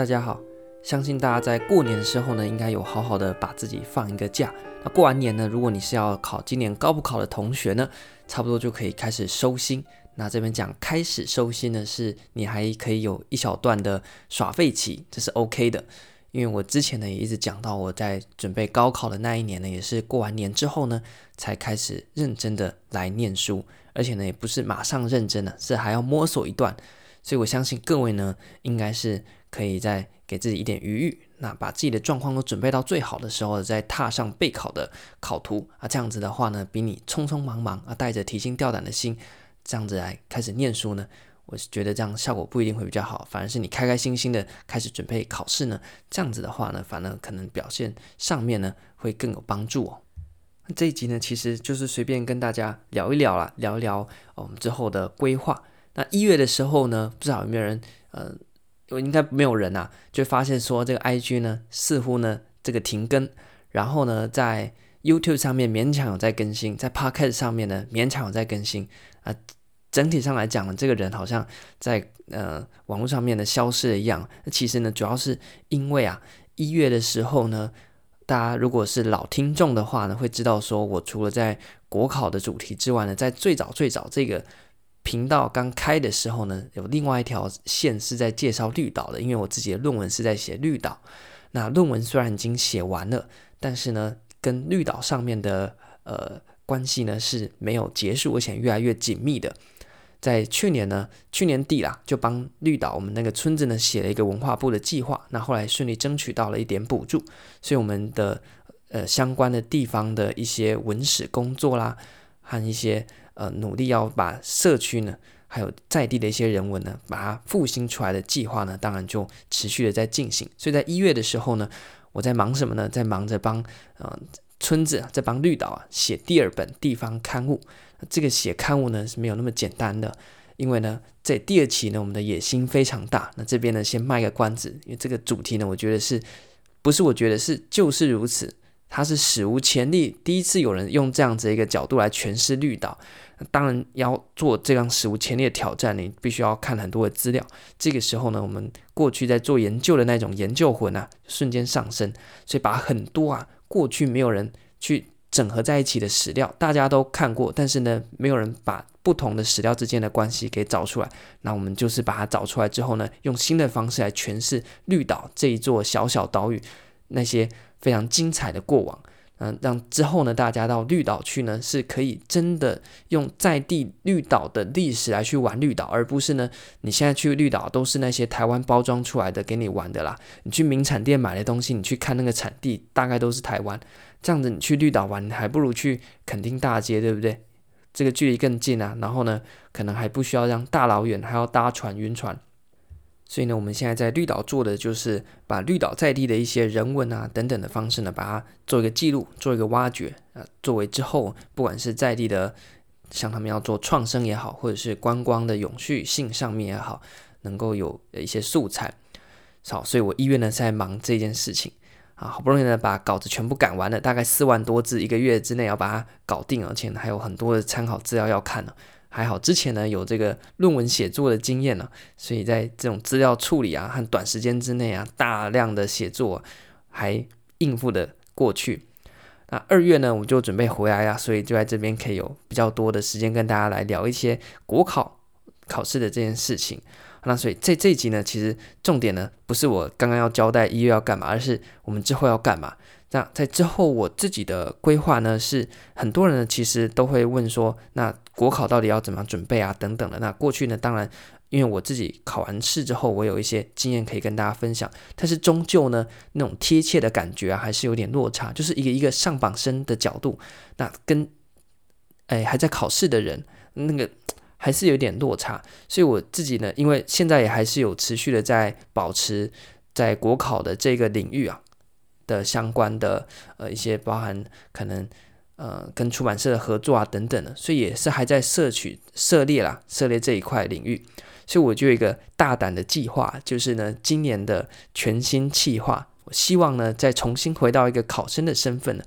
大家好，相信大家在過年的時候呢，應該有好好的把自己放一個假。那過完年呢，如果你是要考今年高普考的同學呢，差不多就可以開始收心。那這邊講開始收心呢，是你還可以有一小段的耍廢期，這是 OK 的。因為我之前呢也一直講到，我在準備高考的那一年呢，也是過完年之後呢，才開始認真的來念書，而且呢也不是馬上認真的，是還要摸索一段。所以我相信各位呢，應該是。可以再給自己一點餘裕，那把自己的狀況都準備到最好的時候，再踏上備考的考途啊。這樣子的話呢，比你匆匆忙忙啊，帶着提心吊膽的心，這樣子來開始念書呢，我是覺得這樣效果不一定會比較好，反而是你開開心心的開始準備考試呢，這樣子的話呢，反而可能表現上面呢會更有幫助哦。這一集呢，其實就是隨便跟大家聊一聊啦，聊一聊我們之後的規劃。那一月的時候呢，不知道有沒有人，呃。我應該沒有人吶、啊，就發現說這個 IG 呢，似乎呢這個停更，然後呢在 YouTube 上面勉強有在更新，在 Podcast 上面呢勉強有在更新啊、呃，整體上來講呢，這個人好像在呃網絡上面呢消失了一樣。那其實呢，主要是因為啊一月的時候呢，大家如果是老聽眾的話呢，會知道說我除了在國考的主題之外呢，在最早最早這個。頻道剛開的時候呢，有另外一條線是在介紹綠島的，因為我自己的論文是在寫綠島。那論文雖然已經寫完了，但是呢，跟綠島上面的呃關係呢是沒有結束，而且越來越緊密的。在去年呢，去年底啦，就幫綠島我們那個村子呢寫了一個文化部的計劃，那後來順利爭取到了一點補助，所以我們的呃相關的地方的一些文史工作啦和一些呃，努力要把社區呢，還有在地的一些人文呢，把它復興出來的計劃呢，當然就持續的在進行。所以在一月的時候呢，我在忙什麼呢？在忙着幫啊、呃、村子，在幫綠島啊寫第二本地方刊物。這個寫刊物呢是沒有那麼簡單的，因為呢，在第二期呢，我們的野心非常大。那這邊呢，先賣個關子，因為這個主題呢，我覺得是不是？我覺得是，就是如此。它是史無前例，第一次有人用這樣子一個角度來詮釋綠島。當然要做這樣史無前例的挑戰，你必須要看很多的資料。這個時候呢，我們過去在做研究的那種研究魂啊，瞬間上升。所以把很多啊過去沒有人去整合在一起的史料，大家都看過，但是呢，沒有人把不同的史料之間的關係給找出來。那我們就是把它找出來之後呢，用新的方式來詮釋綠島這一座小小島嶼那些非常精彩的過往，嗯，讓之後呢，大家到綠島去呢，是可以真的用在地綠島的歷史來去玩綠島，而不是呢，你現在去綠島都是那些台灣包裝出來的給你玩的啦。你去名產店買的東西，你去看那個產地，大概都是台灣。這樣子，你去綠島玩，你還不如去墾丁大街，對不對？這個距離更近啊。然後呢，可能還不需要讓大老遠還要搭船暈船。所以呢，我們現在在綠島做的就是把綠島在地的一些人文啊等等的方式呢，把它做一個記錄、做一個挖掘啊，作為之後不管是在地的，像他們要做創生也好，或者是觀光的永續性上面也好，能夠有一些素材。好，所以我一月呢在忙這件事情啊，好不容易呢把稿子全部趕完了，大概四萬多字，一個月之內要把它搞定，而且呢還有很多的參考資料要看呢。還好，之前呢有這個論文寫作的經驗了，啊，所以在這種資料處理啊和短時間之內啊大量的寫作，啊，還應付的過去。那二月呢我就準備回來呀，啊，所以就在這邊可以有比較多的時間跟大家來聊一些國考考試的這件事情。那所以這這一集呢，其實重點呢不是我剛剛要交代一月要幹嘛，而是我們之後要幹嘛。那在之後，我自己的規劃呢是很多人呢，其實都會問說，那國考到底要怎麼準備啊？等等的。那過去呢，當然因為我自己考完試之後，我有一些經驗可以跟大家分享，但是終究呢，那種貼切的感覺啊，還是有點落差，就是一個一個上榜生的角度，那跟哎還在考試的人，那個還是有點落差。所以我自己呢，因為現在也還是有持續的在保持在國考的這個領域啊。的相關的呃一些包含可能呃跟出版社的合作啊等等的，所以也是還在攝取涉獵啦涉獵這一塊領域，所以我就有一個大膽的計劃，就是呢今年的全新計劃，我希望呢再重新回到一個考生的身份呢。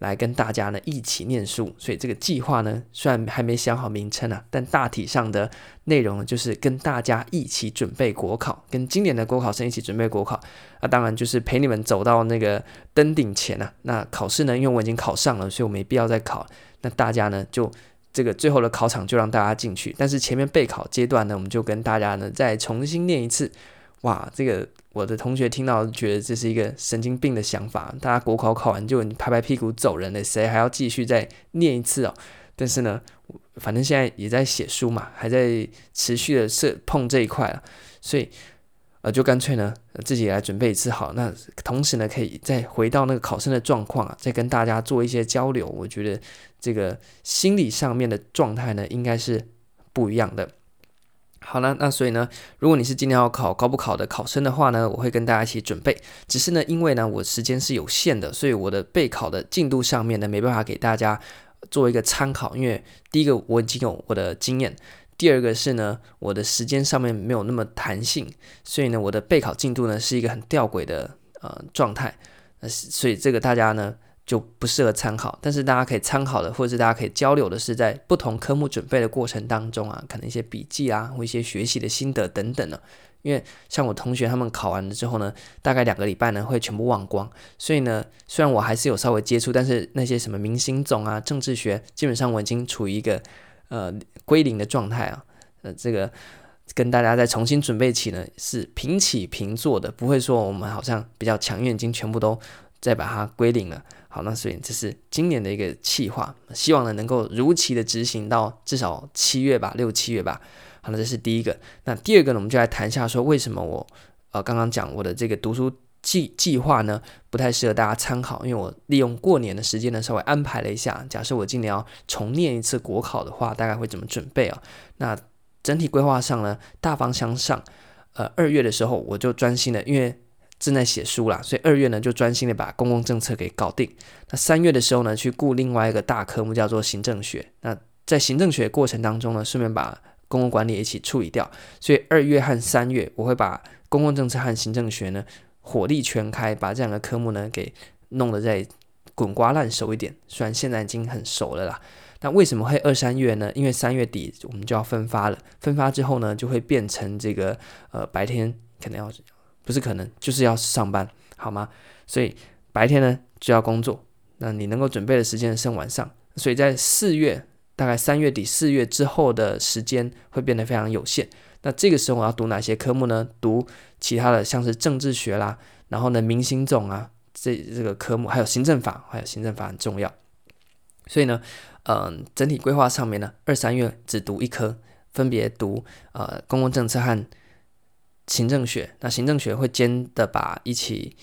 來跟大家呢一起念書，所以這個計劃呢雖然還沒想好名稱啊，但大體上的內容就是跟大家一起準備國考，跟今年的國考生一起準備國考。那、啊、當然就是陪你們走到那個登頂前啊。那考試呢，因為我已經考上了，所以我沒必要再考。那大家呢就，就這個最後的考場就讓大家進去，但是前面備考階段呢，我們就跟大家呢再重新念一次。哇，這個。我的同學聽到覺得這是一個神經病的想法，大家國考考完就拍拍屁股走人了，誰還要繼續再念一次哦？但是呢，反正現在也在寫書嘛，還在持續的涉碰這一塊啊。所以呃，就乾脆呢自己來準備一次好。那同時呢，可以再回到那個考生的狀況啊，再跟大家做一些交流。我覺得這個心理上面的狀態呢，應該是不一樣的。好了，那所以呢，如果你是今年要考高普考的考生的話呢，我會跟大家一起準備。只是呢，因為呢我時間是有限的，所以我的備考的進度上面呢沒辦法給大家做一個參考。因為第一個我已經有我的經驗，第二個是呢我的時間上面沒有那麼彈性，所以呢我的備考進度呢是一個很吊詭的呃狀態。所以這個大家呢。就不適合參考，但是大家可以參考的，或者是大家可以交流的是，在不同科目準備的過程當中啊，可能一些筆記啊，或一些學習的心得等等呢，啊。因為像我同學他們考完了之後呢，大概兩個禮拜呢會全部忘光，所以呢，雖然我還是有稍微接觸，但是那些什麼明星總啊、政治學，基本上我已經處於一個呃歸零的狀態啊。呃，這個跟大家再重新準備起呢是平起平坐的，不會說我們好像比較強，因已經全部都。再把它歸零了。好，那所以這是今年的一個計劃，希望呢能夠如期的執行到至少七月吧，六七月吧。好，那這是第一個。那第二個呢，我們就來談一下說，為什麼我呃剛剛講我的這個讀書計計劃呢不太適合大家參考，因為我利用過年的時間呢稍微安排了一下，假設我今年要重念一次國考的話，大概會怎麼準備啊。那整體規劃上呢，大方向上，呃，二月的時候我就專心了，因為。正在寫書啦，所以二月呢就專心的把公共政策給搞定。那三月的時候呢，去顧另外一個大科目叫做行政學。那在行政學過程當中呢，順便把公共管理一起處理掉。所以二月和三月，我會把公共政策和行政學呢火力全開，把這兩個科目呢給弄得再滾瓜爛熟一點。雖然現在已經很熟了啦，那為什麼會二三月呢？因為三月底我們就要分發了，分發之後呢，就會變成這個呃白天可能要。不是可能，就是要上班，好嗎？所以白天呢就要工作，那你能夠準備的時間剩晚上。所以在四月，大概三月底、四月之後的時間會變得非常有限。那這個時候我要讀哪些科目呢？讀其他的，像是政治學啦，然後呢，民刑總啊，這這個科目還有行政法，還有行政法很重要。所以呢，嗯、呃，整體規劃上面呢，二三月只讀一科，分別讀呃公共政策和。行政學，那行政學會兼的把一起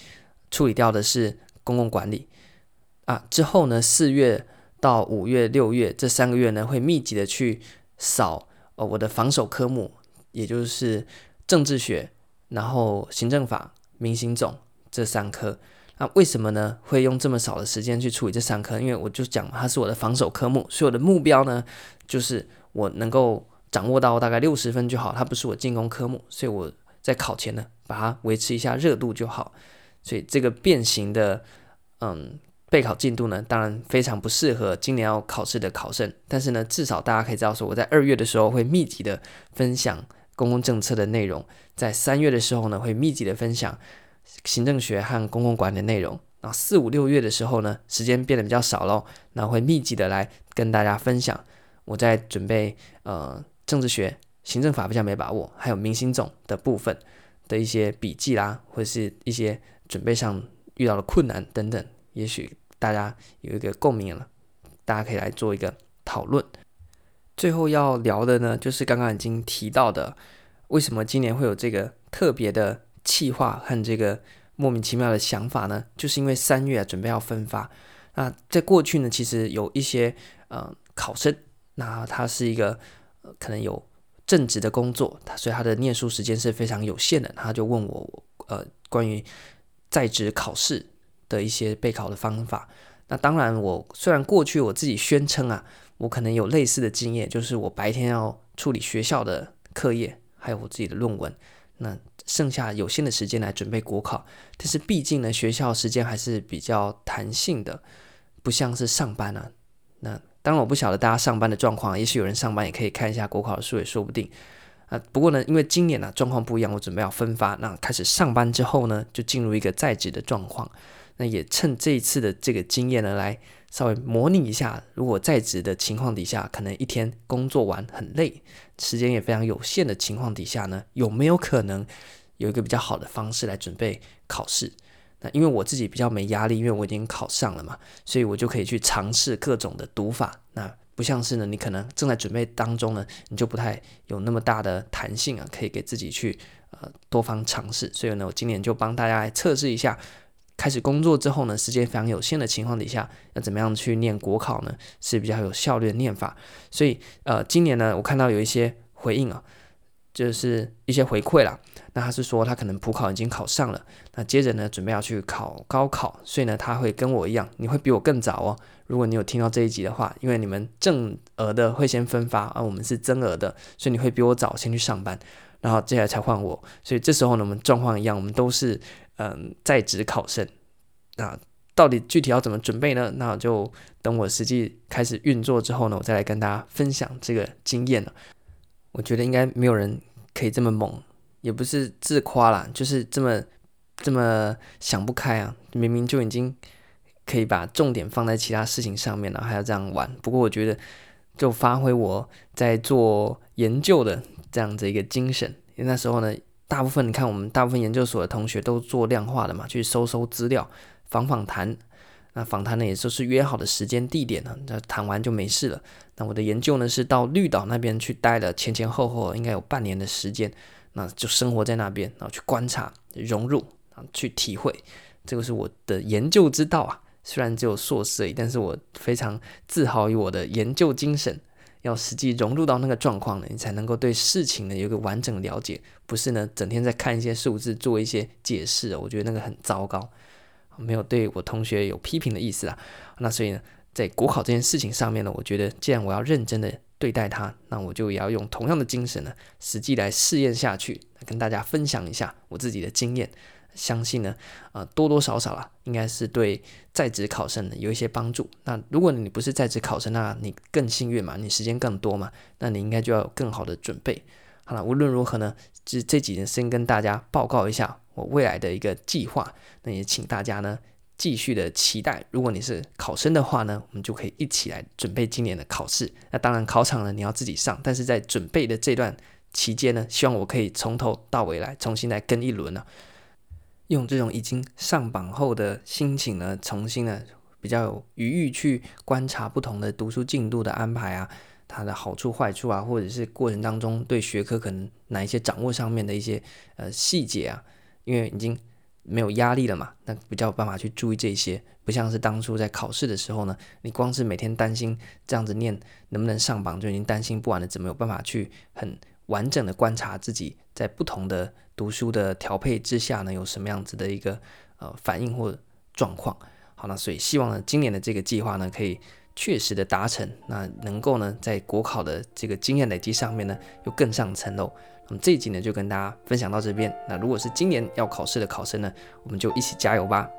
處理掉的是公共管理啊。之後呢，四月到五月、六月這三個月呢，會密集的去掃哦、呃、我的防守科目，也就是政治學、然後行政法、民行總這三科。那、啊、為什麼呢？會用這麼少的時間去處理這三科？因為我就講它是我的防守科目，所以我的目標呢，就是我能夠掌握到大概六十分就好。它不是我進攻科目，所以我。在考前呢，把它維持一下熱度就好。所以這個變形的，嗯，備考進度呢，當然非常不適合今年要考試的考生。但是呢，至少大家可以知道說，我在二月的時候會密集的分享公共政策的內容，在三月的時候呢，會密集的分享行政學和公共管理的內容。那四五六月的時候呢，時間變得比較少咯，那會密集的來跟大家分享我在準備，呃，政治學。行政法比較沒把握，還有明星種的部分的一些筆記啦、啊，或者是一些準備上遇到的困難等等，也許大家有一個共鳴了，大家可以來做一個討論。最後要聊的呢，就是剛剛已經提到的，為什麼今年會有這個特別的企劃和這個莫名其妙的想法呢？就是因為三月、啊、準備要分發，那在過去呢，其實有一些嗯、呃、考生，那他是一個、呃、可能有。正職的工作，他所以他的唸書時間是非常有限的，他就問我，呃，關於在職考試的一些備考的方法。那當然我，我雖然過去我自己宣稱啊，我可能有類似的經驗，就是我白天要處理學校的課業，還有我自己的論文，那剩下有限的時間來準備國考。但是畢竟呢，學校時間還是比較彈性的，不像是上班啊，那。當然，我不曉得大家上班的狀況，也許有人上班也可以看一下國考的書，也說不定。啊、呃，不過呢，因為今年呢、啊、狀況不一樣，我準備要分發。那開始上班之後呢，就進入一個在職的狀況。那也趁這一次的這個經驗呢，來稍微模擬一下，如果在職的情況底下，可能一天工作完很累，時間也非常有限的情況底下呢，有沒有可能有一個比較好的方式來準備考試？那因為我自己比較沒壓力，因為我已經考上了嘛，所以我就可以去嘗試各種的讀法。那不像是呢，你可能正在準備當中呢，你就不太有那麼大的彈性啊，可以給自己去呃多方嘗試。所以呢，我今年就幫大家來測試一下，開始工作之後呢，時間非常有限的情況底下，要怎麼樣去念國考呢是比較有效率的念法。所以呃，今年呢，我看到有一些回應啊，就是一些回饋啦。那他是說，他可能普考已經考上了，那接着呢，準備要去考高考，所以呢，他會跟我一樣，你會比我更早哦。如果你有聽到這一集的話，因為你們正額的會先分發，而、啊、我們是增額的，所以你會比我早先去上班，然後接下來才換我。所以這時候呢，我們狀況一樣，我們都是嗯在職考生。那到底具體要怎麼準備呢？那我就等我實際開始運作之後呢，我再來跟大家分享這個經驗了。我覺得應該沒有人可以這麼猛。也不是自誇啦，就是這麼這麼想不開啊！明明就已經可以把重點放在其他事情上面了，還要這樣玩。不過我覺得，就發揮我在做研究的這樣子一個精神。因為那時候呢，大部分你看我們大部分研究所的同學都做量化的嘛，去搜搜資料、訪訪談。那訪談呢，也就是約好的時間地點呢，啊，那談完就沒事了。那我的研究呢，是到綠島那邊去待了前前後後應該有半年的時間。那就生活在那邊，然後去觀察、融入、啊去體會，這個是我的研究之道啊。雖然只有碩士而已，但是我非常自豪於我的研究精神。要實際融入到那個狀況呢，你才能夠對事情呢有一個完整了解，不是呢整天在看一些數字做一些解釋哦。我覺得那個很糟糕，沒有對我同學有批評的意思啊。那所以呢，在國考這件事情上面呢，我覺得既然我要認真的。對待它，那我就也要用同樣的精神呢，實際來試驗下去，跟大家分享一下我自己的經驗。相信呢，呃，多多少少啦、啊，應該是對在職考生呢有一些幫助。那如果你不是在職考生、啊，那你更幸運嘛，你時間更多嘛，那你應該就要有更好的準備。好了，無論如何呢，這這幾天先跟大家報告一下我未來的一個計劃。那也請大家呢。繼續的期待。如果你是考生的話呢，我們就可以一起來準備今年的考試。那當然，考場呢，你要自己上，但是在準備的這段期間呢，希望我可以從頭到尾來重新來跟一輪啊，用這種已經上榜後的心情呢，重新呢比較有餘裕去觀察不同的讀書進度的安排啊、它的好處壞處啊，或者是過程當中對學科可能哪一些掌握上面的一些呃細節啊，因為已經。沒有壓力了嘛，那比較有辦法去注意這些，不像是當初在考試的時候呢，你光是每天擔心這樣子念能不能上榜，就已經擔心不完了，怎麼有辦法去很完整的觀察自己在不同的讀書的調配之下呢，有什麼樣子的一個呃反應或狀況。好了，所以希望呢，今年的這個計劃呢，可以。確實的達成，那能夠呢，在國考的這個經驗累積上面呢，又更上層樓哦。那麼這一集呢，就跟大家分享到這邊，那如果是今年要考試的考生呢，我們就一起加油吧。